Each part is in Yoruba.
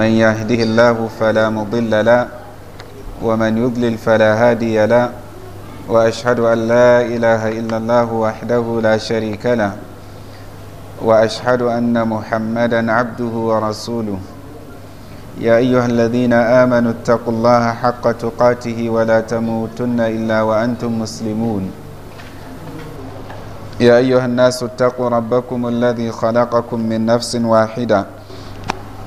من يهده الله فلا مضل لا ومن يضلل فلا هادي لا وأشهد أن لا إله إلا الله وحده لا شريك له وأشهد أن محمدا عبده ورسوله يا أيها الذين آمنوا اتقوا الله حق تقاته ولا تموتن إلا وأنتم مسلمون يا أيها الناس اتقوا ربكم الذي خلقكم من نفس واحدة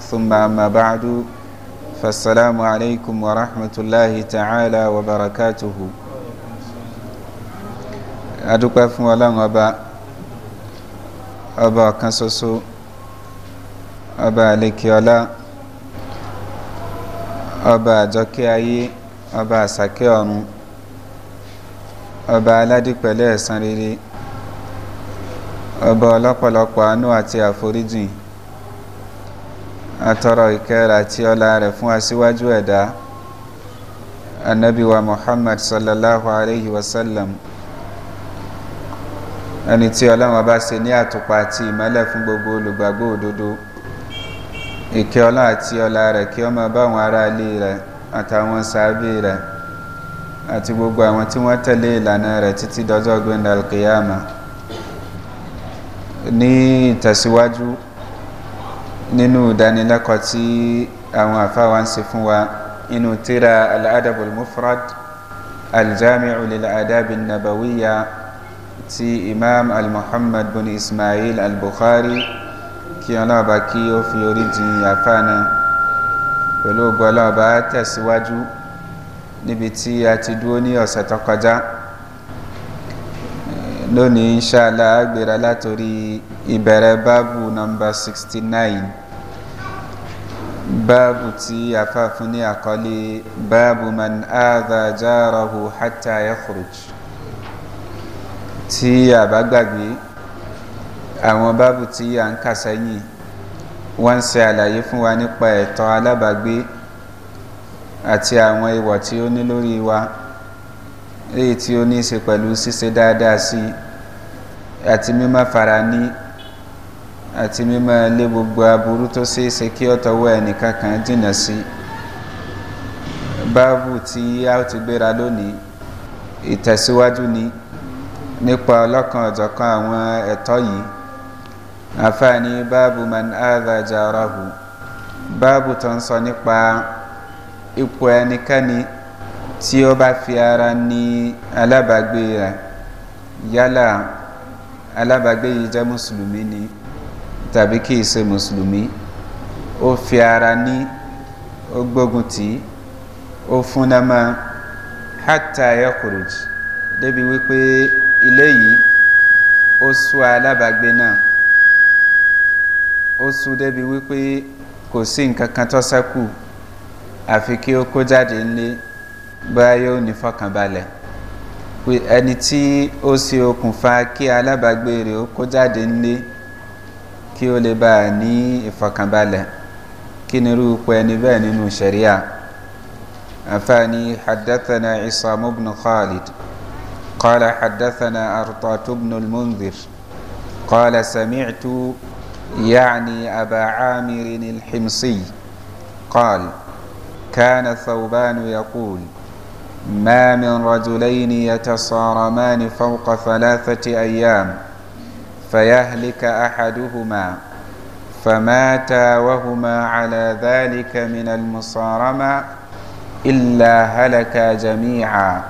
ثم أما بعد فالسلام عليكم ورحمة الله تعالى وبركاته adúpẹ́ fún ọlọ́run ọba ọba ọ̀kan ṣoṣo ọba àlekè ọlá ọba àjọkẹ́ ayé ọba àsàkẹ́ ọ̀run ọba aládìpẹ̀lẹ́ ẹ̀sán rere ọba ọlọ́pọ̀lọpọ̀ àánú àti àforíjìn atọrọ ìkẹrẹ àti ọlá rẹ̀ fún aṣíwájú ẹ̀dá anabiwa muhammad sallallahu alayhi wa sallam ẹni tí ọlọ́run bá ṣe ní àtùpà àti ìmọ́lẹ̀ fún gbogbo olùgbàgbọ́ òdodo ìkẹ́ ọlá àti ọlá rẹ̀ kí ọmọ bá àwọn ará ilé rẹ̀ àtàwọn sàábì rẹ̀ àti gbogbo àwọn tí wọ́n tẹ̀lé ìlànà rẹ̀ títí dọjọ́ gbẹ̀ndàlkìyàmà ní ìtẹ̀síwájú nínú ìdánilẹ́kọ̀ọ́ tí àwọn àfáwà ń se fún wa inú tíra al'adabul mufrad aljami'u lil'adabin nabawiya ti imam al-muhammad bin ismail al-bukhari kí ọlọ́ọ̀bá kí ó fi orí jin àfáàna pẹ̀lú ògbọ́lọ́ọ̀bá tẹ̀síwájú níbi tí a ti dúó ní ọ̀sẹ̀ tó lónìí inṣàlá agbèrè látòrí ìbẹ̀rẹ̀ báàbù nọmba 69 báàbù tí afáfún ní àkọlé báàbù man áàdà járahu hátà yakhruj tí àbágbàgbé àwọn báàbù tí a ń kà sẹ́yìn wọ́n ṣe àlàyé fún wa nípa ẹ̀tọ́ alábàgbé àti àwọn ìwọ̀ tí ó ní lórí wa èyí tí ó ní í ṣe pẹ̀lú ṣíṣe dáadáa sí àti mímọ́ fara ní àti mímọ́ lé gbogbo aburú tó ṣe é ṣe kí ọ̀tọ̀wọ́ ẹnìkan kan jìnà sí báàbù tí a ó ti gbéra lónìí ìtẹ̀síwájú ni nípa ọlọ́kan ọ̀jọ̀kan àwọn ẹ̀tọ́ yìí àfáàní báàbù man áàdájà ọ̀rọ̀ hù báàbù tó ń sọ nípa ipò ẹnikẹ́ni tí ó bá fi ara ní alábàágbé rẹ̀ yálà alábàágbé yìí jẹ́ mùsùlùmí ni tàbí kìí ṣe mùsùlùmí ó fi ara ní ó gbógun tí ó fúnná mọ́ hátà yakuruj débi wípé ilé yìí ó sú alábàágbé náà ó sú débi wípé kò sí nǹkan kan tó sẹ́kù àfi kí ó kó jáde ńlé bóyá yóò ní fọkànbalẹ̀ ẹni tí ó ṣe okùnfà kí alábàágbé rẹ̀ ó kó jáde nílé kí ó lè bá a ní ìfọkànbalẹ̀ kí ni rúpọ̀ ẹni bẹ́ẹ̀ nínú sẹ̀ríà àǹfààní hadathana isam ibn khalid qala hadathana artatu ibn al-munzir qala sami'tu يعني أبا عامر الحمصي قال كان ثوبان يقول ما من رجلين يتصارمان فوق ثلاثة أيام فيهلك أحدهما فماتا وهما على ذلك من المصارمة إلا هلكا جميعا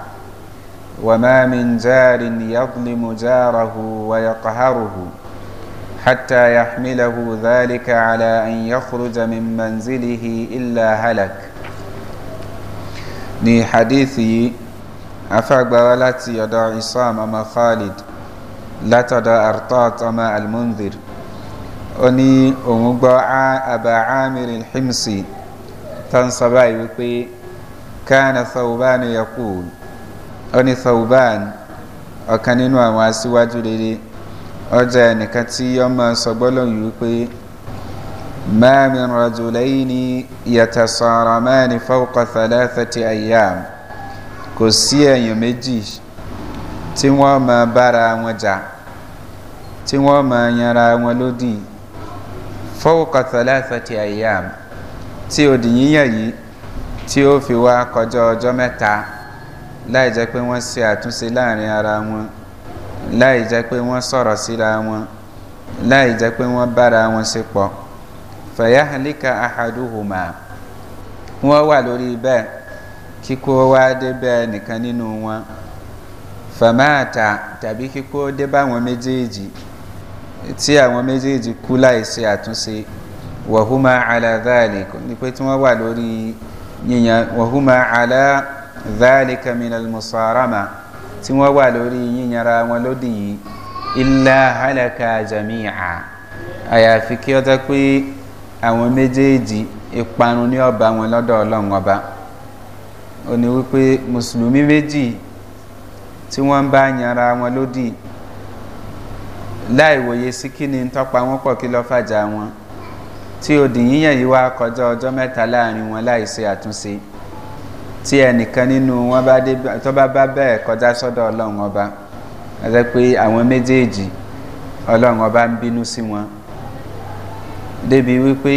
وما من جار يظلم جاره ويقهره حتى يحمله ذلك على أن يخرج من منزله إلا هلك ní hadithi yìí afágbára láti ọ̀dọ̀ isam ọmọ khalid látọ̀dọ̀ artot ọmọ almundir ó ní òun gbọ́ àbá amir alhimsi tó ń sọ báyìí wípé kánà thauban yakul ó ní thauban ọ̀kan nínú àwọn aṣíwájú rere ọjà ẹnìkan tí ọmọ sọgbọ́lọ́yìn wípé ما من رجلين يتصارمان فوق ثلاثة أيام kò sí èèyàn méjì tí wọ́n máa bára wọn jà tí wọ́n máa yanra wọn lódì فوق ثلاثة أيام tí òdì yíyàn yìí tí ó fi wá kọjá ọjọ́ mẹ́ta láì jẹ́ pé wọ́n ṣe àtúnṣe láàrin ara wọn láì jẹ́ pé wọ́n sọ̀rọ̀ síra wọn láì jẹ́ pé wọ́n bára wọn ṣe pọ̀ fayahlika ahaduhuma wọ́n wà lórí bẹ́ẹ̀ kíkó wá dé bẹ́ẹ̀ nìkan nínú wọn fàmáàtà tàbí kíkó dé bá àwọn méjèèjì tí àwọn méjèèjì kú láìsí àtúnṣe wàhúmà aláàdáàlì ní pé tí wọ́n wà lórí yíyan wàhúmà aláàdáàlì kaminal musarama tí wọ́n wà lórí yíyanra wọn lódì yìí ilá halaka jami'a àyàfi kí ó jẹ́ pé àwọn méjèèjì ìparun ní ọba wọn lọ́dọ̀ ọlọ́run ọba ó ní wípé mùsùlùmí méjì tí wọ́n ń bá yanra wọn lódì láìwòye sí kí ni tọ́pa wọn pọ̀ kí lọ́ fàjà wọn tí odì yíyàn yìí wá kọjá ọjọ́ mẹ́ta láàrin wọn láìsí àtúnṣe tí ẹnìkan nínú wọn bá dé tó bá bá bẹ́ẹ̀ kọjá sọ́dọ̀ ọlọ́run ọba ẹ jẹ́ pé àwọn méjèèjì ọlọ́run ọba ń bínú sí wọn débi wípé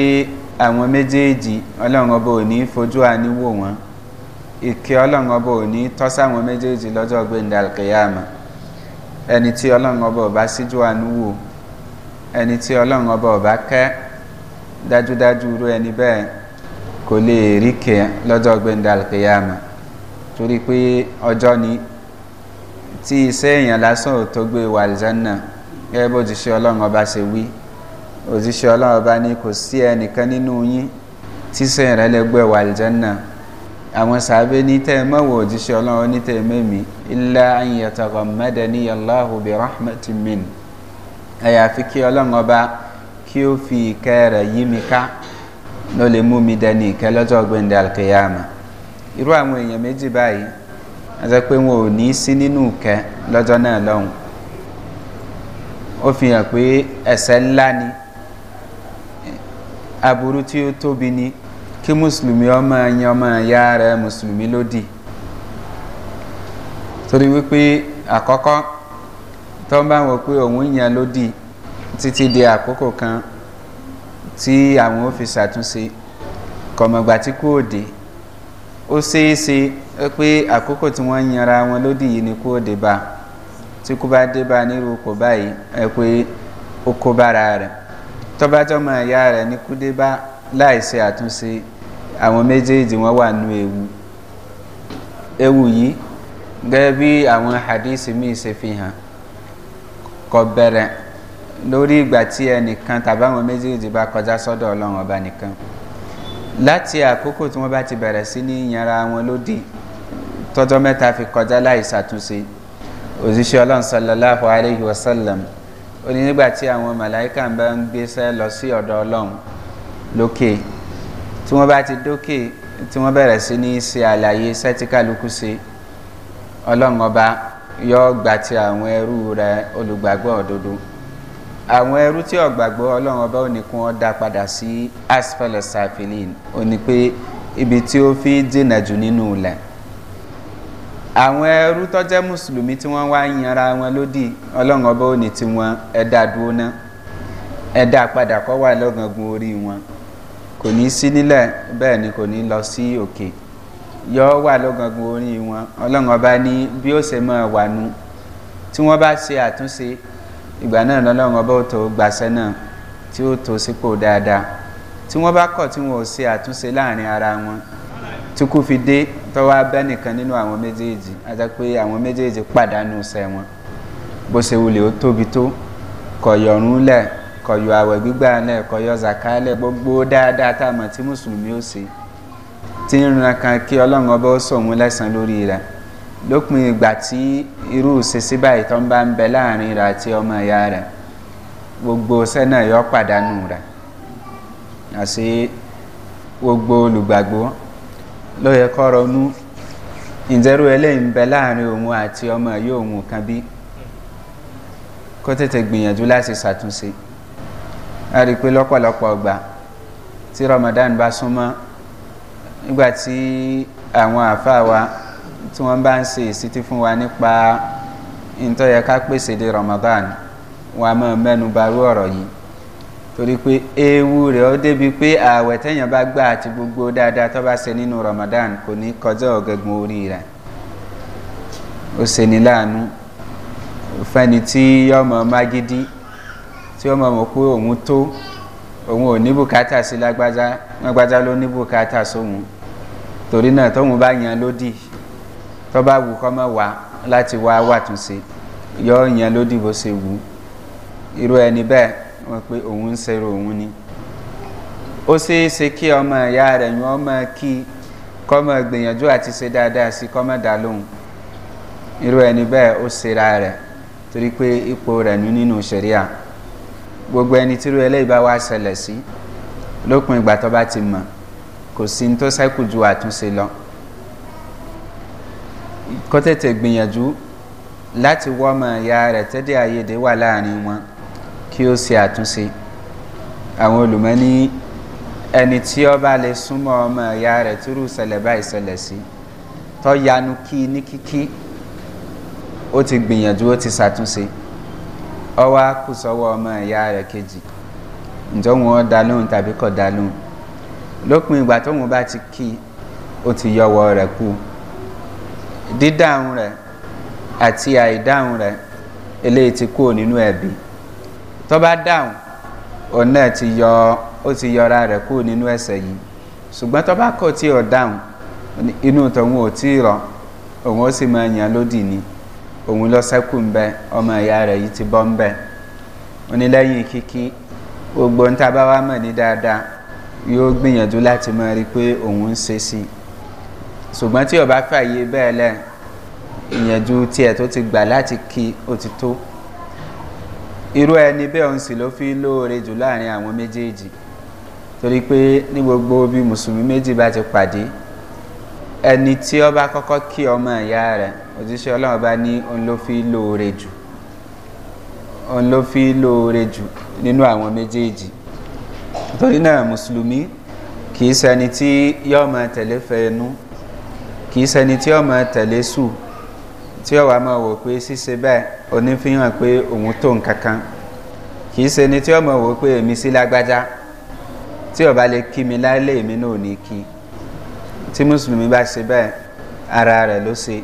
àwọn méjèèjì ọlọ́run ọba ò ní fojú àní wò wọ́n ìkẹ́ ọlọ́run ọba ò ní tọ́ sáwọn méjèèjì lọ́jọ́ gbẹ̀ndà alkeyama ẹni tí ọlọ́run ọba ọba síjú àánú wò ẹni tí ọlọ́run ọba ọba kẹ́ dájúdájú irú ẹni bẹ́ẹ̀ kò lè rí kẹ́ lọ́jọ́ gbẹ̀ndà alkeyama torí pé ọjọ́ ni tí iṣẹ́ èèyàn lásán ò tó gbé wàlìjánà gẹ́gẹ́ bó ti ṣe ọlọ́run ọba ṣe wí òjíṣẹ́ ọlọ́run bá ní kò sí ẹnìkan nínú yín tíṣẹ́ rẹ̀ lẹ́gbẹ́ wà lìjánà àwọn sàábé ní tẹ́ mọ́wọ́ òjíṣẹ́ ọlọ́run ní tẹ́ mẹ́mí ilá ayẹ̀tọ̀rọ̀ mẹ́dẹ̀ẹ́ni aláhùn bí rahmatu min àyàfi kí ọlọ́run ọba kí ó fi ìkẹ́ rẹ̀ yí mi ká ló lè mú mi dẹni ìkẹ́ lọ́jọ́ gbẹ̀ndẹ̀ alkeyama irú àwọn èèyàn méjì báyìí àti pé wọn ò ní sí nínú ìkẹ́ lọ́jọ́ náà lọ́hùn ó fi hàn pé ẹ̀sẹ̀ ńlá ni aburú tí ó tóbi ni kí mùsùlùmí ọmọ ẹyin ọmọ ẹ̀yà rẹ̀ mùsùlùmí lódì torí wípé àkọ́kọ́ tó ń bá wọn pé òun yẹn lódì títí di àkókò kan tí àwọn ó fi ṣàtúnṣe kọ̀mọ̀gbà tí kú òde ó ṣeéṣe pé àkókò tí wọ́n yanra wọn lódì yìí ni kú òde bá tí kú bá dé bá nírú kò báyìí ẹ pé ó kó bára rẹ̀ tọ́ba tọ́mọ ìyá rẹ̀ ní kúdébá láìsí àtúnṣe àwọn méjèèjì wọ́n wà nú ewu ewu yìí gẹ́gẹ́ bí àwọn hadisi míì ṣe fi hàn kọ bẹ̀rẹ̀ lórí ìgbà tí ẹnìkan tàbí àwọn méjèèjì bá kọjá sọ́dọ̀ ọlọ́run ọba nìkan láti àkókò tí wọ́n bá ti bẹ̀rẹ̀ sí ní ìyanra wọn lódì tọ́jọ́ mẹ́ta fi kọjá láìsàtúnṣe òjíṣẹ́ ọlọ́run sallallahu alayhi wa ó ní nígbà tí àwọn màláìka bá ń gbéṣẹ́ lọ sí ọ̀dọ̀ ọlọ́run lókè tí wọ́n bá ti dókè tí wọ́n bẹ̀rẹ̀ sí ní ṣe àlàyé sẹ́tíkàlùkù sí ọlọ́run ọba yọ gbà ti àwọn ẹrú rẹ olùgbàgbọ́ òdodo àwọn ẹrú tí ọ̀gbàgbọ́ ọlọ́run ọba ò ní padà sí asfaw safilin ó ibi tí ó fi dènà jù nínú ilẹ̀ àwọn ẹrú tọ́jẹ́ mùsùlùmí tí wọ́n wá yanra wọn lódì ọlọ́run ọba òní tí wọ́n ẹ̀dá dúró ná ẹ̀dá padà kọ́ wà lọ́gàngun orí wọn kò ní sí nílẹ̀ bẹ́ẹ̀ ni kò ní lọ sí òkè yọ wà lọ́gàngun orí wọn ọlọ́run ọba ní bí ó ṣe máa wà nu tí wọ́n bá ṣe àtúnṣe ìgbà náà lọ́lọ́run ọba ò tó gbàṣẹ́ náà tí ó tó sípò dáadáa tí wọ́n bá kọ̀ tí wọ́n ò ṣe àtúnṣe láàrin ara wọn tí kò fi dé tọ́wọ́ abẹ́ nìkan nínú àwọn méjèèjì ajá pé àwọn méjèèjì pàdánù sẹ́ wọn bó ṣe ó tóbi tó kọ̀yọ̀rún lẹ̀ kọ̀yọ̀ àwẹ̀ gbígbà lẹ̀ kọ̀yọ̀ zakalẹ̀ gbogbo dáadáa tá a mọ̀ tí mùsùlùmí ó ṣe tí kan kí ọlọ́run ọba ó sòun lẹ́sàn lórí rẹ̀ lópin ìgbà tí irú báyìí tó ń bá ń bẹ láàrin rẹ̀ àti ọmọ ìyá rẹ̀ gbogbo gbogbo olùgbàgbọ́ ló yẹ kọ́ ronú ìjẹ́rú eléyìí ń bẹ láàrin òun àti ọmọ yóò òun kan bí kó tètè gbìyànjú láti ṣàtúnṣe a rí pé lọ́pọ̀lọpọ̀ ọgbà tí ramadan bá súnmọ́ nígbà tí àwọn àáfàá wa tí wọ́n bá ń ṣe ìsítí fún wa nípa ìtọ́yẹ ká pèsè de ramadan wọn a máa mẹ́nu ba irú ọ̀rọ̀ yìí torí pé ewu rẹ̀ ó débi pé ààwẹ̀ tẹ́yàn bá gbà àti gbogbo dáadáa tó bá ṣe nínú ramadan kò ní kọjá ọ̀gẹ̀gùn orí rẹ̀ ó ṣe ní láàánú fẹ́ni tí yọmọ magidi tí ọmọ mọ̀ pé òun tó òun ò ní bùkátà sí lágbájá lágbájá ló ní bùkátà sóhun torí náà tóun bá yan lódì tó bá wù kọ́ mọ́ wá láti wá wàtúnṣe yọ yan lódì bó ṣe wù irú ẹni bẹ́ẹ̀ wọn pé òun ń ṣerú òun ni ó ṣeé ṣe kí ọmọ ìyá rẹ̀ yún ọmọ kí kọ́mọ gbìyànjú àti ṣe dáadáa sí kọ́mọ dá lóhùn irú ẹni bẹ́ẹ̀ ó ṣera rẹ̀ torí pé ipò rẹ̀ ní nínú ṣẹ̀ríà gbogbo ẹni tí irú eléyìí bá wá ṣẹlẹ̀ sí lópin ìgbà tó bá ti mọ̀ kò sí ní tó ṣẹ́kù ju àtúnṣe lọ kó tètè gbìyànjú láti wọ́ ọmọ ìyá rẹ̀ tẹ́lẹ̀ àyèdè wà láàrin wọn kí ó ṣe àtúnṣe àwọn olùmọ́ ní ẹni tí ó bá lè súnmọ́ ọmọ ìyá rẹ̀ túrú ṣẹlẹ̀ báyìí ṣẹlẹ̀ sí tó yanu kí ní kíkí ó ti gbìyànjú ó ti ṣàtúnṣe ọwọ́ kù sọ́wọ́ ọmọ ìyá rẹ̀ kejì ǹjọ́ wọn dá lóhùn tàbí kọ̀ dá lóhùn lópin ìgbà tóun bá ti kí ó ti yọwọ́ rẹ̀ kú dídáhùn rẹ̀ àti àìdáhùn rẹ̀ eléyìí ti kúrò nínú ẹ̀bí. E tó bá dáhùn òun náà ti yọ ó ti yọra rẹ̀ kúrò nínú ẹ̀sẹ̀ yìí ṣùgbọ́n tó bá kọ̀ tí ò dáhùn inú tòun ò tí ì rọ òun ó sì máa yàn lódì ni òun lọ sẹ́kù ń bẹ ọmọ ìyá rẹ̀ yìí ti bọ́ ń bẹ onílẹ́yìn kíkí gbogbo ń tábá wá mọ̀ ní dáadáa yóò gbìyànjú láti máa rí pé òun ń ṣe sí i ṣùgbọ́n tí ọba fàyè bẹ́ẹ̀ lẹ̀ ìyànjú tiẹ̀ tó ti gbà láti kí ó irú ẹni bẹ́ẹ̀ ń sì ló fi lóore jù láàrin àwọn méjèèjì torí pé ní gbogbo bí mùsùlùmí méjì bá ti pàdé ẹni tí ó bá kọ́kọ́ kí ọmọ ìyá rẹ̀ òjíṣẹ́ ọlọ́run bá ní òun ló fi lóore jù òun ló fi lóore jù nínú àwọn méjèèjì torí náà mùsùlùmí kì sẹni tí yọ́ọ̀mọ̀ tẹ̀lé fẹ́ inú kì sẹni tí yọ́ọ̀mọ̀ tẹ̀lé sùn tí ó wàá máa wò pé ṣíṣe bẹ́ẹ̀ onífihàn pé òun tó nǹkan kan kì í ṣe ni tí ó máa wò pé èmi sí lágbájá tí ọba lè kí mi lálé èmi náà ò ní kí tí mùsùlùmí bá ṣe bẹ́ẹ̀ ara rẹ̀ ló ṣe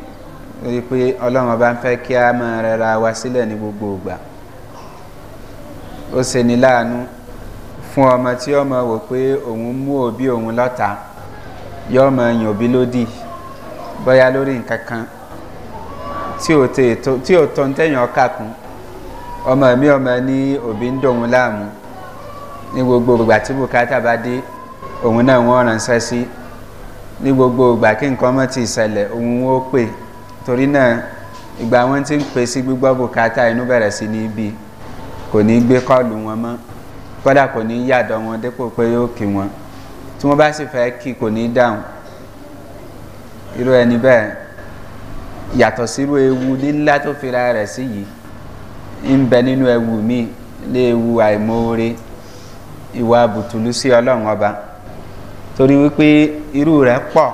rí pé ọlọ́run ọba ń fẹ́ kí a máa rẹra wa sílẹ̀ ní gbogbo ìgbà ó ṣe ni láàánú fún ọmọ tí ọmọ wò pé òun mú òbí òun lọ́ta yọ ọmọ yàn òbí lódì bóyá lórí nǹkan kan. tí o tè tó tí ò ọ̀ka ọmọ mi ọmọ ní òbí ń dòun láàmú ní gbogbo ìgbà tí bùkátà bá dé òun náà wọ́n ránṣẹ́ sí ní gbogbo ìgbà kí nǹkan mọ́ ti ṣẹlẹ̀ òun ó pè torí náà ìgbà wọn ti ń pè sí gbígbọ́ bùkátà inú bẹ̀rẹ̀ sí ní ibi kò ní gbé kọ́ọ̀lù wọn mọ́ kódà kò ní yàdọ̀ wọn dépò pé yóò wọn tí wọ́n bá sì fẹ́ yàtọ̀ sírú ewu lílá tó fira rẹ̀ sí yìí ń bẹ nínú ewu mi léwu àìmoore ìwà bùtùlù sí ọlọ́run ọba torí wípé irú rẹ̀ pọ̀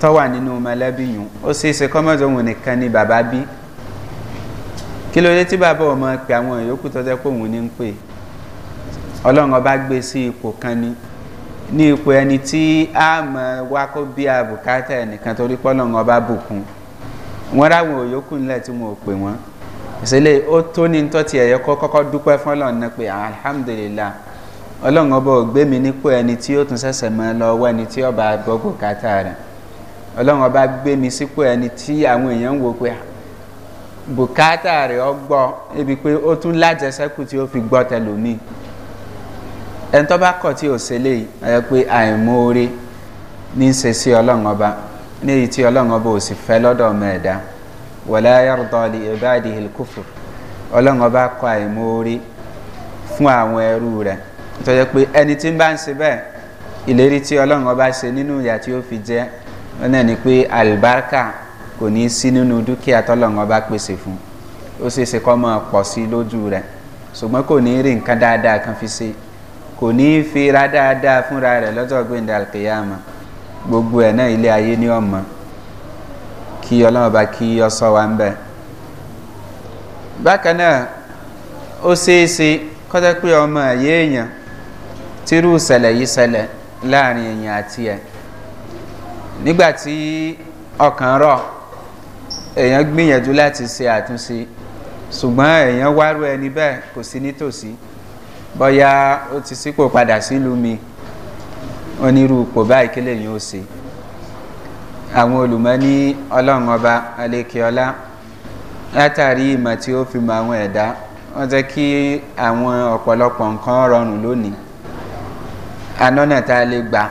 tọ́wà nínú mọ̀lẹ́bí yùn ó sì ṣe kọ́mọ́sọ̀hún nìkan ni bàbá bí kí ló dé tí bàbá ọmọ pé àwọn ìyókù tó jẹ́ pé òun ní ń pè ọlọ́run ọba gbé sí ipò kan ni ní ipò ẹni tí a mọ̀ wá kó bí a bùkátà ẹnìkan torí pé ọba bùkún wọ́n ráwọn òyòkù ńlẹ̀ tí wọn ò pè wọ́n ìṣẹ̀lẹ̀ ó tó ní tó ti ẹ̀yẹ kọ́kọ́ dúpẹ́ fọlọ́run náà pé alhamdulilah ọlọ́run ọba ò gbé mi nípò ẹni tí ó tún ṣẹ̀ṣẹ̀ mọ́ lọ wọ́ ẹni tí ọba gbọ́gbò kátà rẹ̀ ọlọ́run ọba gbé mi sípò ẹni tí àwọn èèyàn ń wo pé bùkátà rẹ̀ ọ gbọ́ ebi pé ó tún lájẹsẹ́kù tí ó fi gbọ́ tẹlómi ẹni tó bá kọ̀ tí ò ṣẹlẹ̀ ẹ pé àìmóore ní í ṣe sí ọlọ́run ọba ní èyí tí ọlọ́run ọba ò sì fẹ́ lọ́dọ̀ ọmọ ẹ̀dá wọ̀lá ayárùtọ́ lè ìbáàdì ìlkúfù ọlọ́run ọba kọ àìmóorí fún àwọn ẹrú rẹ̀ tó jẹ́ pé ẹni tí ń bá ń se bẹ́ẹ̀ ìlérí tí ọlọ́run ọba ṣe nínú ìyà tí ó fi jẹ́ náà ni pé àlùbáríkà kò ní sí nínú dúkìá tọ́lọ́run ọba pèsè fún ó ṣe ṣe kọ́ máa pọ̀ sí lójú rẹ̀ ṣùgbọ́n kò ní rí nǹkan dáadáa kan fi ṣe kò ní fi ra dáadáa fúnra rẹ̀ lọ́jọ́ gbẹ̀ndà àlùkìyàmọ́ gbogbo ẹ̀ náà ilé ayé ní ọmọ kí ọlọ́run bá kí ọsọ wa ń bẹ̀. bákan náà ó ṣeéṣe kọ́jọ́ pé ọmọ ẹ̀yẹ èèyàn tírú ìṣẹ̀lẹ̀ yìí ṣẹlẹ̀ láàrin èèyàn àti ẹ̀ nígbà tí ọkàn rọ̀ èèyàn gbìyànjú láti ṣe àtúnṣe ṣùgbọ́n èèyàn wárú ẹni bẹ́ẹ̀ kò sí nítòsí bọ́yá ó ti sípò padà sílùú mi. Si wọn ní irú ipò báyìí kílẹ̀ yìí ó ṣe àwọn olùmọ̀ ní ọlọ́run ọba alekeola látàrí ìmọ̀ tí ó fi mọ àwọn ẹ̀dá wọ́n jẹ́ kí àwọn ọ̀pọ̀lọpọ̀ nǹkan rọrùn lónìí anọ́nà tá a lè gbà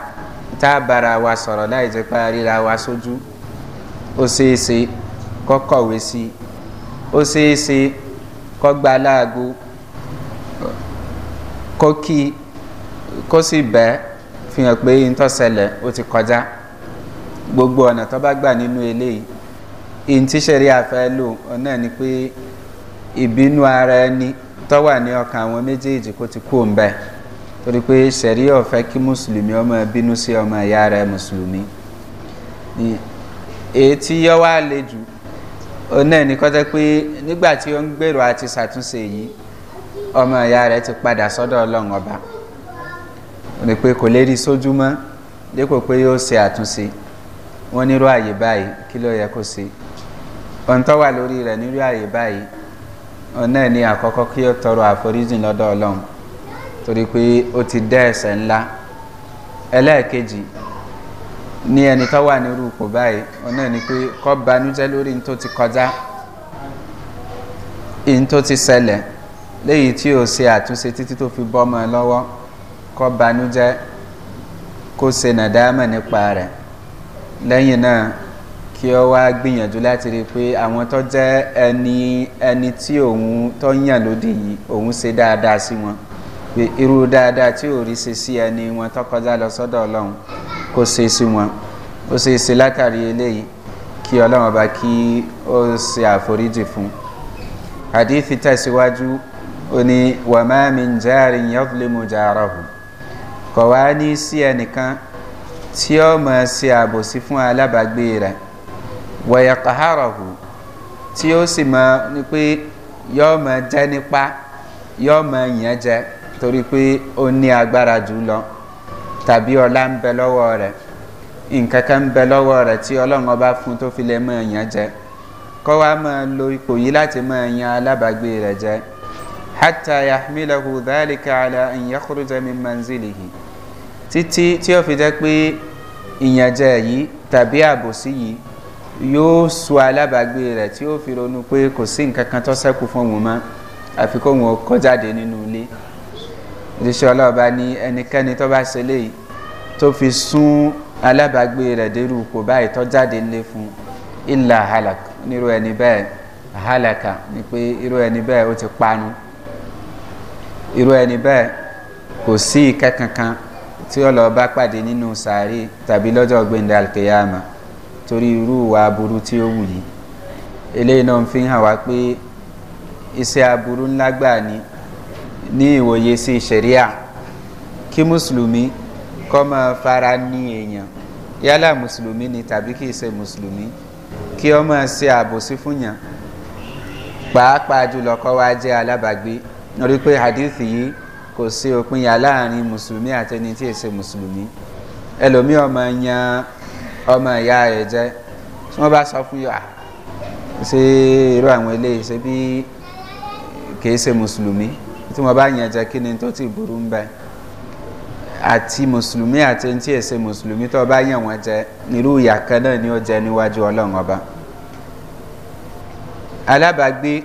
tá a bára wa sọ̀rọ̀ láì jẹ́ pé a ríra wa sójú ó ṣeéṣe kọ́kọ̀wé sí i ó ṣeéṣe kọ́gba láago kó kí kó sì bẹ́ẹ̀ fi hàn pé n tó ṣẹlẹ̀ ó ti kọjá gbogbo ọ̀nà tó bá gbà nínú eléyìí n sẹ́rí afẹ́ lò ni pé ìbínú ara ẹni tó wà ní ọkàn àwọn méjèèjì kó ti kú òǹbẹ torí pé sẹ́rí ọ̀fẹ́ kí mùsùlùmí ọmọ bínú sí ọmọ ìyá rẹ̀ mùsùlùmí èyí yọ wá le jù náà ni kọ́tẹ́ pé nígbà tí ó ń gbèrò àti ṣàtúnṣe yìí ọmọ ìyá rẹ̀ ti padà sọ́dọ̀ ọlọ́run ọba ni pé kò lè rí sójú mọ́ dípò pé yóò ṣe àtúnṣe wọ́n nírú àyè báyìí kí ló yẹ kó ṣe ohun tó wà lórí rẹ̀ nírú àyè báyìí òun náà ní àkọ́kọ́ kí ó tọrọ àforíjì lọ́dọ̀ ọlọ́run torí pé ó ti dẹ́ ẹ̀sẹ̀ ńlá ẹlẹ́ẹ̀kejì ní ẹni tó wà nírú ipò báyìí òun náà ni pé kọ́ banújẹ́ lórí ní tó ti kọjá ní tó ti ṣẹlẹ̀ léyìí tí ò ṣe àtúnṣe títí tó fi bọ́ ọmọ ẹ lọ́wọ́ kọ́ banújẹ́ kó se nàdámà nípa rẹ̀ lẹ́yìn náà kí ọ wá gbìyànjú láti rí i pé àwọn tó jẹ́ ẹni ẹni tí òun tó yàn lódì yìí òun ṣe dáadáa sí wọn pé irú dáadáa tí ò rí ṣe sí ẹni wọn tó kọjá lọ sọ́dọ̀ ọlọ́run kó ṣe sí wọn ó ṣe ṣe látàrí eléyìí kí ọlọ́run ọba kí ó ṣe àforíjì fún un àdífi tẹ̀síwájú ó ní wàmáàmì jáàrin yọ́ọ̀lẹ́mú jàrá hù kọ̀ wá ní sí ẹnìkan tí ó mọ̀ sí àbòsí fún alábàgbé rẹ̀ wọ̀yẹ̀ kàhárọ̀hù tí ó sì mọ̀ ni pé yọ́ mọ̀ jẹ́ nípa yọ́ mọ̀ yẹn jẹ́ torí pé ó ní agbára jù lọ tàbí ọlá ń bẹ lọ́wọ́ rẹ̀ nǹkan ń bẹ lọ́wọ́ rẹ̀ tí ọlọ́run ọba fún tó fi lè mọ̀ yẹn jẹ́ kọ́ mọ̀ lo ipò yìí láti mọ̀ yẹn alábàgbé rẹ̀ jẹ́ hata yahmilahu dhalika ala an yakhruja min manzilihi títí tí ó fi jẹ́ pé ìyànjẹ yìí tàbí àbòsí yìí yóò sọ alábàágbé rẹ̀ tí ó fi ronú pé kò sí nǹkan kan tó sẹ́kù fún òun mọ́ àfi kó òun kọ́ jáde nínú ilé ìdíṣẹ́ ọlọ́ọ̀bá ní ẹnikẹ́ni tó bá ṣe léyìí tó fi sún alábàágbé rẹ̀ dérú kò báyìí tó jáde lé fún ilà halak nírú ẹni bẹ́ẹ̀ halaka ni pé irú ẹni bẹ́ẹ̀ ó ti panu irú ẹni bẹ́ẹ̀ kò sí ìkẹ́ kankan tí ọlọ́ bá pàdé nínú sàárè tàbí lọ́jọ́ gbẹ̀ndẹ̀ alkeyama torí irú ìwà aburú tí ó wù yìí eléyìí náà fi hàn wá pé iṣẹ́ aburú ńlá gbà ní ní ìwòye sí ìṣẹ̀ríà kí mùsùlùmí kọ́ máa fara ní èèyàn yálà mùsùlùmí ni tàbí kì í ṣe mùsùlùmí kí ọ máa ṣe àbòsí fún pàápàá jùlọ kọ́ wá jẹ́ alábàgbé lórí pé hadithi yìí kò sí òpinya láàrin mùsùlùmí àtẹni tí èsè mùsùlùmí ẹlòmí ọmọ yan ọmọ ìyá rẹ̀ jẹ́ tí wọ́n bá sọ fún yọ ṣe irú àwọn eléyìí ṣe bí kìí ṣe mùsùlùmí tí wọ́n bá yan jẹ́ kí ni tó ti burú ń bẹ àti mùsùlùmí àti ẹni tí èsè mùsùlùmí tó bá yàn wọ́n jẹ́ irú ìyà kan náà ni ó jẹ́ níwájú ọlọ́run ọba alábàágbé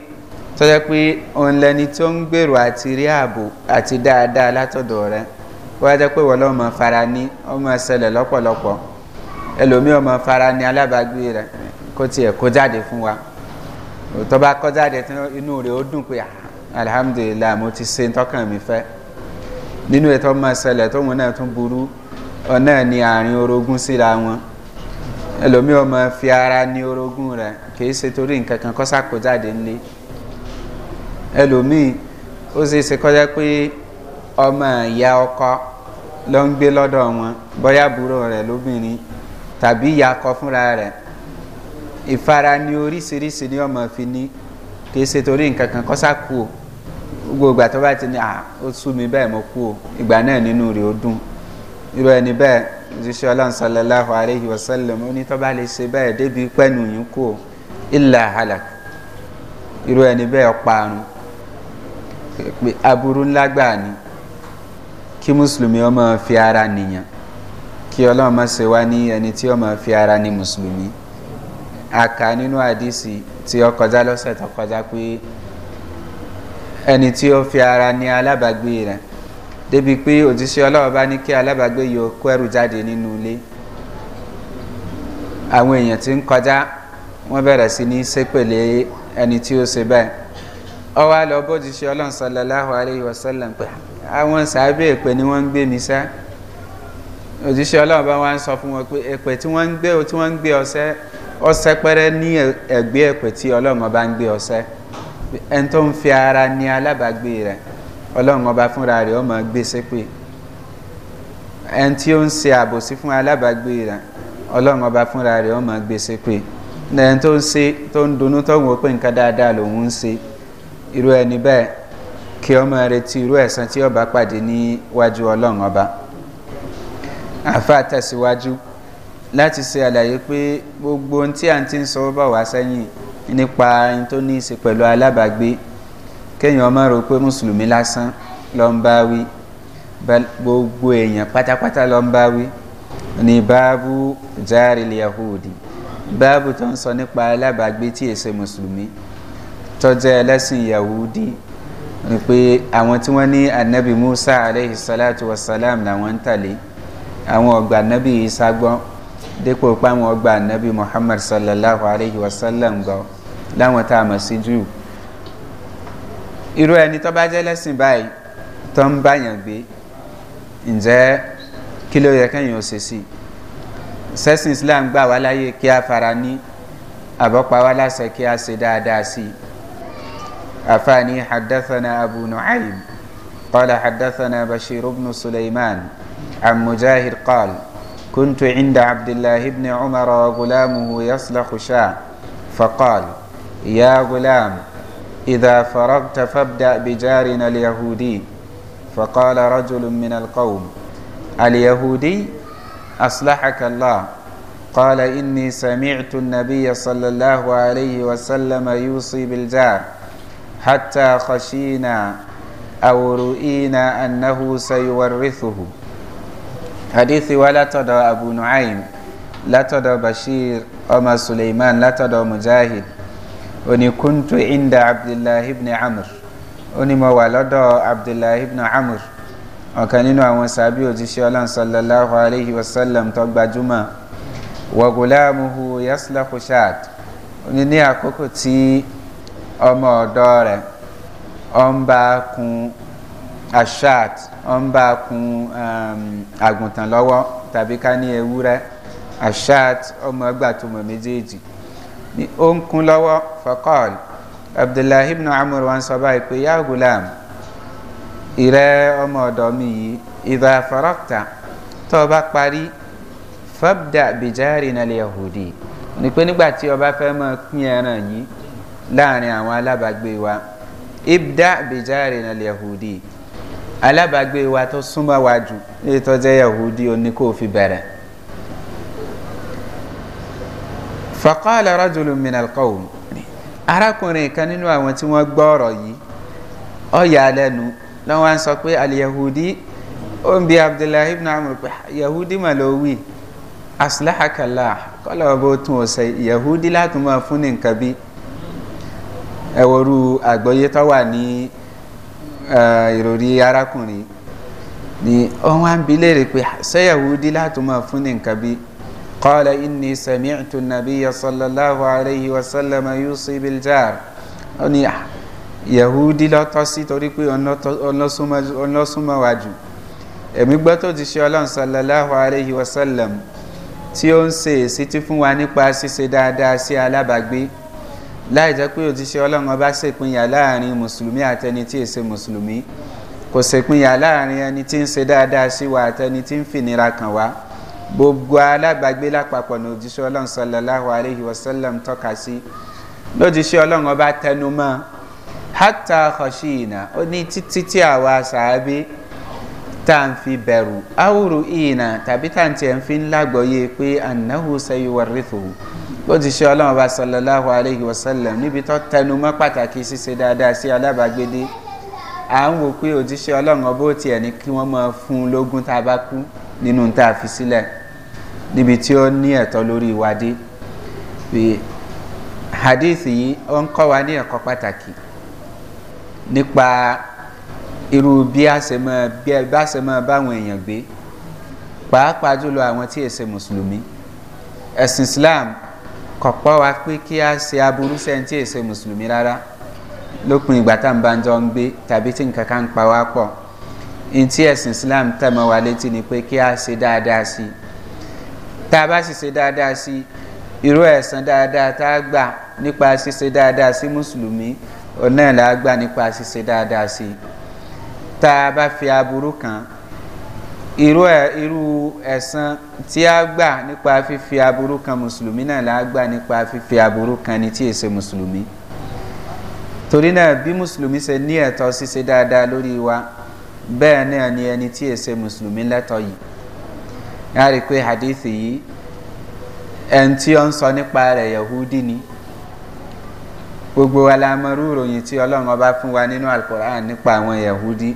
tó jẹ́ pé òun lẹni tó ń gbèrò àti rí ààbò àti dáadáa látọ̀dọ̀ rẹ wọ́n jẹ́ pé wọ́n lọ́mọ fara ní ọmọ ṣẹlẹ̀ lọ́pọ̀lọpọ̀ ẹlòmí fara alábàágbé rẹ kó tiẹ̀ kó fún wa bá kọ́ jáde inú ó dùn pé ah, mo ti se tọkàn mi nínú ètò ọmọ náà tún burú ni àárín orogún síra wọn ẹlòmí ọmọ fi ara ní orogún rẹ kì í ṣe torí nǹkan ẹlòmíì ó sì ṣe kọjá pé ọmọ ìyá ọkọ ló ń gbé lọ́dọ̀ wọn bóyá àbúrò rẹ̀ lóbìnrin tàbí ìyá akọ fúnra rẹ̀ ìfara ní oríṣiríṣi ní ọmọ fi ní kì í ṣe torí nǹkan kan kọ́sá kú o gbogbo ìgbà tó bá ti ní à ó sú mi bẹ́ẹ̀ mo kú o ìgbà náà nínú rẹ̀ ó dùn irú ẹni bẹ́ẹ̀ jíṣẹ́ ọlọ́run sallallahu alayhi wa sallam ó ní tó bá lè ṣe bẹ́ẹ̀ débi pẹ́nu yín kú o illa halak irú ẹni bẹ́ẹ̀ ọ̀parun pé aburú ńlá gbà ni kí mùsùlùmí ọmọ fi ara nìyàn kí ọlọ́run má ṣe wá ní ẹni tí ọmọ fi ara ní mùsùlùmí àkà nínú àdìsí tí ó kọjá lọ́sẹ̀ tó kọjá pé ẹni tí ó fi ara ní alábàgbé rẹ̀ débi pé òjíṣẹ́ ọlọ́run bá ní kí alábàgbé yóò kó ẹrù jáde nínú ilé àwọn èèyàn ti ń kọjá wọ́n bẹ̀rẹ̀ sí ní sépèlé ẹni tí ó ṣe bẹ́ẹ̀ ọwọ́ àlọ́ bó ti ṣe ọlọ́run sọlọ́láhùn aláyé wasallam pé àwọn sàábẹ̀ èpè ni wọ́n ń gbé mi sá òjíṣẹ́ ọlọ́run bá wá ń sọ fún wọn pé èpè tí wọ́n ń gbé o tí wọ́n ń gbé ọsẹ́ ọsẹ́ pẹ́rẹ́ ní ẹ̀gbẹ́ èpè tí ọlọ́run ọba ń gbé ọsẹ́ ẹni tó ń fi ara ní alábàágbé rẹ̀ ọlọ́run ọba fúnra rẹ̀ ọmọ gbé sépè ẹni tí ó ń se àbòsí fún alábàágbé rẹ̀ ọlọ́run ọba fúnra rẹ̀ ọmọ gbé sépè ẹni tó ń se tó ń dunú tó ń wò pé nǹkan dáadáa lòun ń se irú ẹni bẹ́ẹ̀ kí ọmọ retí irú ẹ̀sán tí ọba pàdé níwájú ọlọ́run ọba àfa tẹ̀síwájú láti ṣe àlàyé pé gbogbo ohun tí à ń ti ń sọ bọ̀ wá sẹ́yìn nípa ohun tó ní í ṣe pẹ̀lú alábàágbé kéèyàn ọmọ rò pé mùsùlùmí lásán ló ń bá wí gbogbo èèyàn pátápátá ló ń bá wí ní báàbù járe yahudi báàbù tó ń sọ nípa alábàágbé tí èsè mùsùlùmí tọ́jẹ́ ẹlẹ́sìn yahudi ni pé àwọn tí wọ́n ní anabi musa aleyhi salatu wa salam làwọn ń tàlé àwọn ọgbà anabi isa gbọ́ dípò páwọn ọgbà anabi muhammad sallallahu aleyhi wa salam gbọ́ láwọn tá a mọ̀ sí jù irú ẹni tó bá jẹ́ lẹ́sìn báyìí tó ń báyàn gbé ǹjẹ́ kí ló yẹ kẹ́yìn ó ṣe sí sẹ́sìn islam gbà wá láyé kí a fara ní àbọ̀pá wá láṣẹ kí a ṣe dáadáa sí i أفاني حدثنا أبو نعيم قال حدثنا بشير بن سليمان عن مجاهد قال كنت عند عبد الله بن عمر وغلامه يصلح شاة فقال يا غلام إذا فرغت فابدأ بجارنا اليهودي فقال رجل من القوم اليهودي أصلحك الله قال إني سمعت النبي صلى الله عليه وسلم يوصي بالجار حتى خشينا أو رؤينا أنه سيورثه حديث ولا تدى أبو نعيم لا تدى بشير أما سليمان لا تدى مجاهد أني كنت عند عبد الله بن عمرو أني ما ولد عبد الله بن عمرو ọ̀kan nínú àwọn sàbí òjíṣẹ́ ọlọ́run sallallahu alayhi wa sallam tó gbajúmọ̀ wọ̀gùlámuhu yaslaku shad ní àkókò ọmọ ọ̀dọ́ rẹ̀ ọ̀nba kun ashat ọ̀nba kun um, àgùntàn lọ́wọ́ tàbí ká ní ewúrẹ́ ashat ọmọ ọgbà tó mọ̀ méjèèjì ó ń kun lọ́wọ́ fakọ́l abdullahi ibn amur wa ń sọ báyìí pé yá gulam ìrẹ́ ọmọ ọ̀dọ́ mi yìí ìdá farakta tó o bá parí fabda bijari na yahudi ni pé nígbà tí ọba fẹ́ mọ́ pín ẹran yìí láàrin àwọn alábàágbé wa ibda bijari na yahudi alábàágbé wa tó súnmọ́ wa jù èyí tó jẹ́ yahudi oní kò fi bẹ̀rẹ̀ fàkọ́lá rọ́jòlù mìíràn kọ́wù arákùnrin kan nínú àwọn tí wọ́n gbọ́ ọ̀rọ̀ yìí ọ̀yà lẹ́nu lọ́wọ́ ń sọ pé aliyahudi ó ń bi abdullahi ibn amr pé yahudi mà ló wí aslahakala kọ́lá ọba tún ọ̀sẹ̀ yahudi láti máa fún ní nǹkan bíi ẹwọ́rú àgbọ́yé tó wà ní ìròrí arákùnrin ni wọ́n wá ń bi léèrè pé sẹ́yàwó dí láti máa fún ní nǹkan bí قال إني سمعت النبي صلى الله عليه وسلم يوصي بالجار ó ní ah, yahudi lọ́tọ́ sí torí pé ọlọ́súnmọ́wájú ẹ̀mí gbọ́ tó ti ṣe ọlọ́run sallallahu alayhi wa sallam tí ó ń ṣe èsì tí fún wa nípa ṣíṣe dáadáa sí alábàgbé láì jẹ́ pé òjíṣẹ́ ọlọ́run ọba ṣèpínyà láàrin mùsùlùmí àtẹni tí èsè mùsùlùmí kò ṣèpínyà láàrin ẹni tí ń ṣe dáadáa sí wa àtẹni tí ń fìnira kàn wá gbogbo alábàgbé lápapọ̀ ní òjíṣẹ́ ọlọ́run sọlọ́láhùn aláhi wasallam tọ́ka sí lójíṣẹ́ ọlọ́run ọba tẹnu mọ́ hátà ọ̀ṣì ìnà ó ní títí tí àwa sàábé tá à ń fi bẹ̀rù áwùrù ìnà tàbí tá à ń tiẹ̀ ń fi ńlá gbọ́yé pé ànáhùn sẹ́yìn wọ́n rí fòun bó ti ṣe ọlọ́run bá sọlọ́láhùn aleyhi wasallam níbi tó tẹnu mọ́ pàtàkì ṣíṣe dáadáa sí alábàágbédé à ń wò pé òjíṣẹ́ ọlọ́run ọbọ̀ tiẹ̀ ní kí wọ́n máa fún un lógún tá a bá kú nínú tá a fi sílẹ̀ níbi tí ó ní ẹ̀tọ́ lórí ìwádìí pé hadith yìí ó ń kọ́ wa ní ẹ̀kọ́ pàtàkì nípa irú bí a ṣe máa bí a bá ṣe máa báwọn èèyàn gbé pàápàá jùlọ àwọn tí èsè mùsùlùmí ẹ̀sìn islam kọ̀pọ̀ wa pé kí a ṣe aburú sẹ́ńtì èso mùsùlùmí rárá lópin ìgbà tá n bá ń jọ ń gbé tàbí tí nǹkan kan ń pa wá pọ̀ ntí ẹ̀sìn islam tẹ̀mọ́ wa létí ni pé kí a ṣe dáadáa sí i tá a bá sì ṣe dáadáa sí i irú ẹ̀sán dáadáa tá a gbà nípa ṣíṣe dáadáa sí mùsùlùmí ọ̀nà ẹ̀ la gbà nípa ṣíṣe dáadáa sí i tá a bá fi aburú kan irú ẹ irú ẹ̀san tí a gbà nípa fífi aburú kan mùsùlùmí náà la gbà nípa fífi aburú kan ní tí èsè mùsùlùmí torí náà bí mùsùlùmí ṣe ní ẹ̀tọ́ ṣíṣe dáadáa lórí wa bẹ́ẹ̀ náà ni ẹni tí èsè mùsùlùmí lẹ́tọ̀ yìí a rí i pé hadithi yìí ẹni tí ó ń sọ nípa rẹ̀ yahudi ni gbogbo wa la mọ irú ìròyìn tí ọlọ́run ọba fún wa nínú alukoran nípa àwọn yahudi.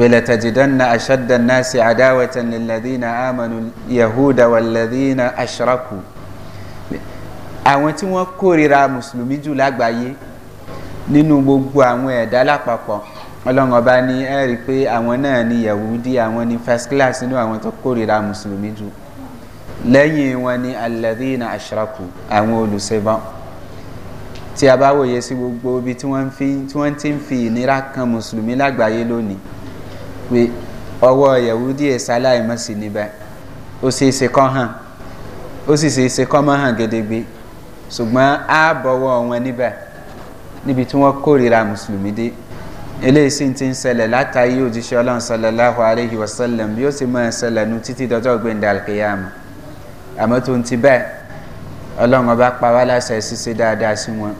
ولتجدن أشد الناس عداوة للذين آمنوا اليهود والذين أشركوا àwọn tí wọ́n kórira mùsùlùmí jù lágbàáyé nínú gbogbo àwọn ẹ̀dá lápapọ̀ ọlọ́run ọba ní ẹ rí i pé àwọn náà ní yahudi àwọn ní first class nínú àwọn tó kórira mùsùlùmí jù lẹ́yìn wọn ní alẹ́dínà àṣàkù àwọn olùṣèbọn tí a bá wòye sí gbogbo ibi tí wọ́n ti ń fi ìnira kan mùsùlùmí lágbàáyé lónìí pé ọwọ́ yahudi ẹ̀ sáláì mọ́ sí níbẹ̀ ó sì ṣe kọ́ hàn ó sì ṣe kọ́ mọ́ hàn gẹ́gẹ́gbé ṣùgbọ́n á bọ̀wọ́ wọn níbẹ̀ níbi tí wọ́n kórìíra mùsùlùmí dé eléyìí sì ti ń ṣẹlẹ̀ látàáyé òjíṣẹ́ ọlọ́run sọlọ́láhu aleyhi wa sọlẹ̀m bí ó sì máa ṣẹlẹ̀ nu títí dọ́jọ́ gbẹ̀ndà àlùkìyàmù àmọ́ tó ń ti bẹ́ẹ̀ ọlọ́run ọba pa wá láṣẹ ṣíṣe dáadáa sí wọn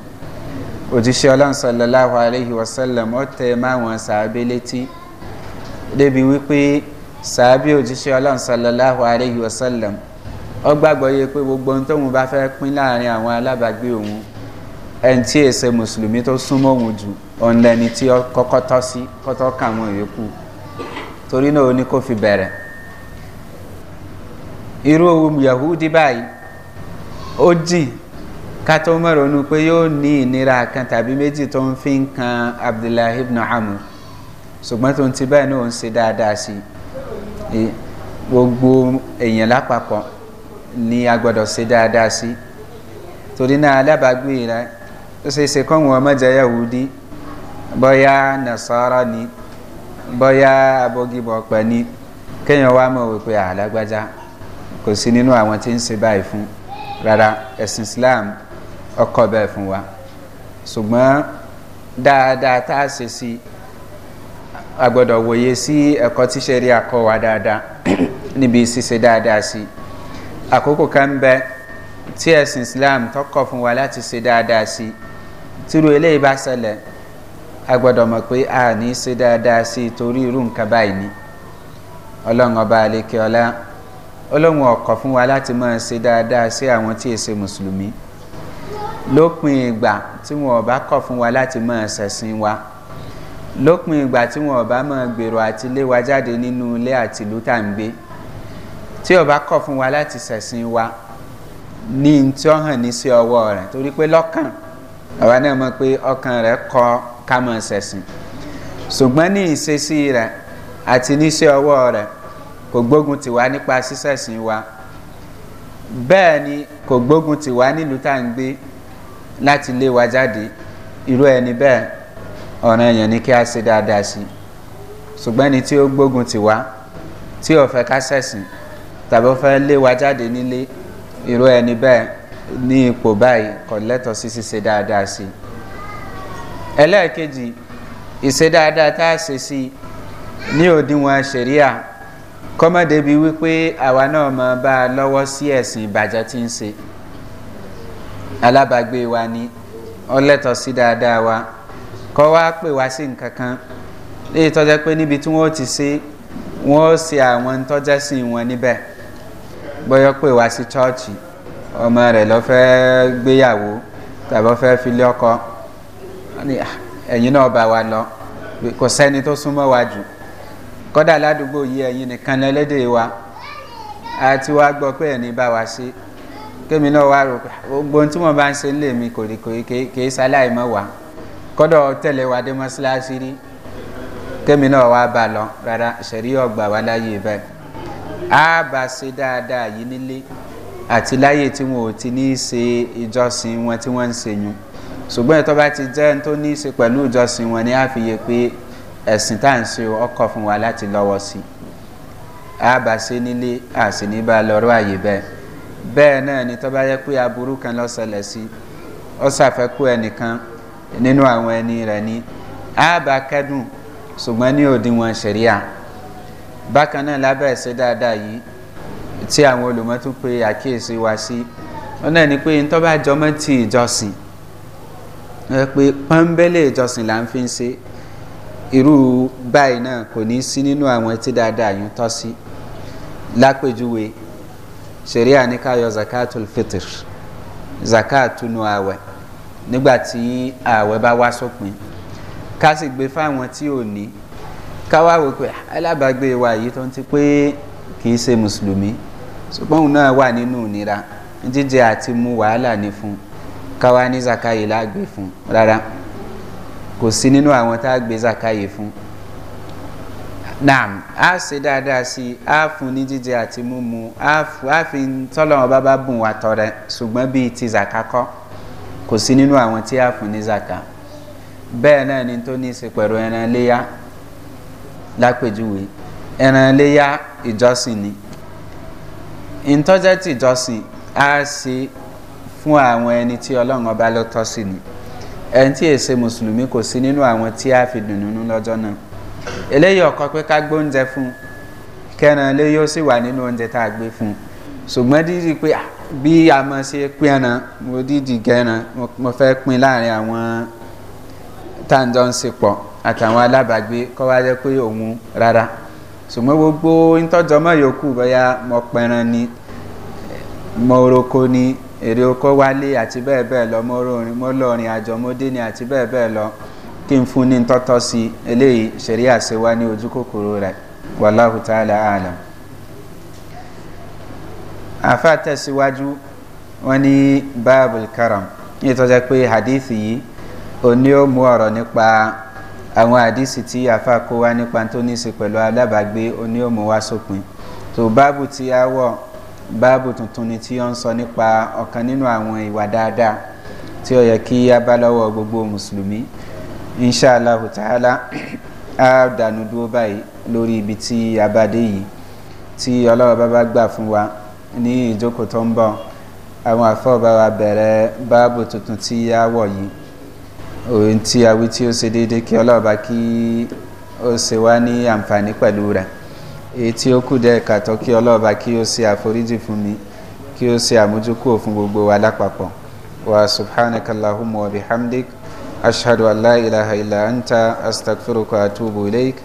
òjíṣẹ́ ọlọ́run sọlọ́láhu aleyhi wa sọlẹ̀m ó tẹ máa létí débi wípé sàábì òjíṣẹ́ ọlọ́run sọlọ́láhu aleyhi wa sallam ọ gbàgbọ́ yẹ pé gbogbo ohun tóun bá fẹ́ pín láàrin àwọn alábàágbé òun ẹni tí èsè mùsùlùmí tó súnmọ́ òun jù òun lẹni tí ó kọ́kọ́ tọ́ sí kọ́tọ́ kà wọ́n yòókù torí náà ó ní kó fi bẹ̀rẹ̀ irú ohun yahudi báyìí ó jìn ká tó mọ̀ ronú pé yóò ní ìnira kan tàbí méjì tó ń fi kan abdullahi ibn amur ṣùgbọ́n tó ń ti báyìí náà ń ṣe dáadáa sí i gbogbo èèyàn lápapọ̀ ni a gbọ́dọ̀ ṣe dáadáa sí torí náà alábàágbé rẹ ó ṣe é ṣe kọ́ wọn mọ́jà yahudi bọ́yá nasara ni bọ́yá abọ́gibọ̀pẹ̀ ni kéèyàn wá mọ̀ wípé àlágbájá kò sí nínú àwọn tí ń ṣe báyìí fún rárá ẹ̀sìn islam ọkọ̀ bẹ́ẹ̀ fún wa ṣùgbọ́n dáadáa tá a ṣe sí i agbọ́dọ̀ wòye sí ẹ̀kọ́ tí ṣe rí akọ wa dáadáa níbi ṣíṣe dáadáa sí àkókò kan bẹ tí ẹ̀sìn islam tọkọ fún wa láti ṣe dáadáa sí tírú eléyìí bá ṣẹlẹ̀ agbọ́dọ̀ mọ̀ pé a ní ṣe dáadáa sí torí irú nǹkan báyìí ni ọlọ́run ọba àlekè ọlá ọlọ́run ọkọ̀ fún wa láti máa ṣe dáadáa sí àwọn tí èsè mùsùlùmí lópin ìgbà tí wọn ọba kọ̀ fún wa láti máa ṣẹ̀sìn wa lópin ìgbà tí wọn bá máa gbèrò àti lé wa jáde nínú ilé àti ìlú tá à ń gbé tí ọba kọ̀ fún wa láti ṣẹ̀sìn wa ní tí ó hàn ní sí ọwọ́ rẹ̀ torí pé lọ́kàn àwa náà mọ̀ pé ọkàn rẹ̀ kọ ká máa ṣẹ̀sìn ṣùgbọ́n ní ìṣesí rẹ̀ àti níṣẹ́ ọwọ́ rẹ̀ kò gbógun tiwa nípa ṣíṣẹ̀sìn wa bẹ́ẹ̀ ni kò gbógun tiwa nílùú tá à ń gbé láti lé wa jáde irú ẹni bẹ́ẹ̀ ọ̀ràn èèyàn ní kí a ṣe dáadáa sí ṣùgbọ́n ẹni tí ó gbógun ti wá tí ò fẹ́ ká ṣẹ̀sìn tàbí ó fẹ́ lé wa jáde nílé irú ẹni bẹ́ẹ̀ ní ipò báyìí kò lẹ́tọ̀ọ́ sí ṣíṣe dáadáa sí ẹlẹ́ẹ̀kejì ìṣe dáadáa tá a ṣe sí ní òdiwọ̀n ṣẹ̀ríà kọ́mọ́dé bíi wípé àwa náà mọ bá a lọ́wọ́ sí ẹ̀sìn ìbàjẹ́ tí ń ṣe alábàágbé wa ni ọlẹ́tọ̀ọ́ sí dáadáa wa kọ́ wá pè wá sí nǹkan kan léyìí tọ́já pé níbi tí wọ́n ti sí wọ́n ṣe àwọn tọ́já sí wọn níbẹ̀ bọ́yọ́ pè wá sí chọ́ọ̀chì ọmọ rẹ̀ lọ fẹ́ gbéyàwó tàbí ọ fẹ́ filé ọkọ ẹ̀yin náà bá wa lọ kò sẹ́ni tó súnmọ́ wa jù kọ́dà ládùúgbò yìí ẹ̀yin nìkan lẹ́lẹ́dẹ̀ wa àti wá gbọ́ pé ẹ̀ní bá wa ṣe kémi náà wá rò pé gbogbo tí wọ́n bá ń ṣe ń lè mi kò kì í ṣaláìmọ́ wa kọ́dọ̀ tẹ̀lé wa dé mọ́ṣáláṣí rí kémi náà wá bá lọ rárá ìṣẹ̀rí ọgbà wa láyé báyìí á bá ṣe dáadáa yìí nílé àti láyé tí wọn ò ti ní í ṣe ìjọsìn wọn tí wọ́n ń ṣe yun ṣùgbọ́n ìtọ́ bá ti jẹ́ tó ní í ṣe pẹ̀lú ìjọsìn wọn ni á fi yẹ pé ẹ̀sìn tá à ń ṣe ọkọ̀ fún wa láti lọ́wọ́ sí i á bá ṣe nílé à sì ní bá lọ́rọ́ àyè bẹ́ẹ̀ bẹ́ẹ̀ náà ni tọ́ yẹ pé aburú kan lọ́sẹ̀lẹ̀ sí ọ ṣàfẹ́kù ẹnìkan nínú àwọn ẹni rẹ̀ ní ààbà kẹ́dùn ṣùgbọ́n ní òdiwọ̀n ṣẹ̀ríà bákan náà lábẹ́ ẹ̀sẹ̀ dáadáa yìí tí àwọn olùmọ́ tún pe àkíyèsí wa sí wọn náà ni pé n tó bá jọmọ́ ti ìjọsìn pé pọ́ńbélé ìjọsìn là ń fi ń ṣe irú báyìí náà kò ní sí nínú àwọn tí dáadáa yìí tọ́ sí lápèjúwe ṣẹ̀ríà ní ká yọ zakatul fitr zakatunu awẹ́ nígbà tí ààwẹ̀ bá wá sópin ká sì gbé fáwọn tí ò ní ká wá wò pé ah, alábàágbé wa yìí tó ń ti pé kì í ṣe mùsùlùmí ṣùgbọ́n òun náà wà nínú ìnira jíjẹ àti mu wàhálà ní fún ká wá ní zakayi lágbè fún rárá kò sí nínú àwọn tá a gbé zakayi fún naam a ṣe dáadáa sí i a fún ní jíjẹ àti mímu a fi tọ́lọ́wọ́n bá bá bùn wa tọrẹ ṣùgbọ́n bíi ti zàkákọ́ kò sí nínú àwọn tí a fún ní zaka bẹ́ẹ̀ náà ni tó ní í ṣe pẹ̀lú ẹran léyà lápèjúwe ẹran léyà ìjọsìn ni ìtọ́jẹ́tì ìjọsìn á ṣe fún àwọn ẹni tí ọlọ́run ọba ló tọ́ sí ni ẹni tí èsè mùsùlùmí kò sí nínú àwọn tí a fi dùn nínú lọ́jọ́ náà eléyìí ọkọ pé ká gbóúnjẹ fún kẹran léyà sì wà nínú oúnjẹ tá a gbé fún ṣùgbọ́n dídí pé ah bí a mọ̀ ṣe pín ẹran mo dídì gẹran mo fẹ́ pín láàrin àwọn tàǹdọ̀ ń ṣe pọ̀ àtàwọn alábàágbé kọ́ wá jẹ́ pé òun rárá ṣùgbọ́n gbogbo ìtọ́jọ́ mọ́ yòókù bóyá mo pẹran ni mo roko ni èrè oko wálé àti bẹ́ẹ̀ bẹ́ẹ̀ lọ mo rọrin mo lọrin àjọ mo dé ni àti bẹ́ẹ̀ bẹ́ẹ̀ lọ kí n fún ní tọ́tọ́ sí eléyìí ṣẹ̀rí àṣewá ní ojú kòkòrò rẹ̀ wàláhùtà àlà àlàm àfa tẹ̀síwájú wọn ní bible karam ní pé hadithi yìí ò ní ó mú ọ̀rọ̀ nípa àwọn hadithi tí àfa kó wá nípa tó ní í ṣe pẹ̀lú alábàágbé ní ó mú wá sópin tó báàbù tí a wọ̀ báàbù tuntun ni tí ó ń sọ nípa ọ̀kan nínú àwọn ìwà dáadáa tí ó yẹ kí a bá lọ́wọ́ gbogbo mùsùlùmí inṣàlàhù tààlà á dànù dúró báyìí lórí ibi tí a bá dé yìí tí ọlọ́run bá bá gbà fún wa ní ìjókòó tó ń bọ̀ àwọn àfọ́bára bẹ̀rẹ̀ báàbù tuntun tí yá wọ̀ yìí òun tí a wí tí ó ṣe déédéé kí ọlọ́ọ̀bá kí ó ṣe wá ní àǹfààní pẹ̀lú rẹ̀ èyí tí ó kù dẹ́ kàtọ́ kí ọlọ́ọ̀bá kí ó ṣe àforíjì fún mi kí ó ṣe àmójúkúrò fún gbogbo wa lápapọ̀ wa subhanaka allahumma wa bihamdik ashhadu an ilaha illa anta astaghfiruka atubu ilaik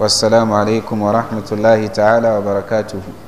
wassalamu alaikum wa rahmatullahi ta'ala wa barakatuhu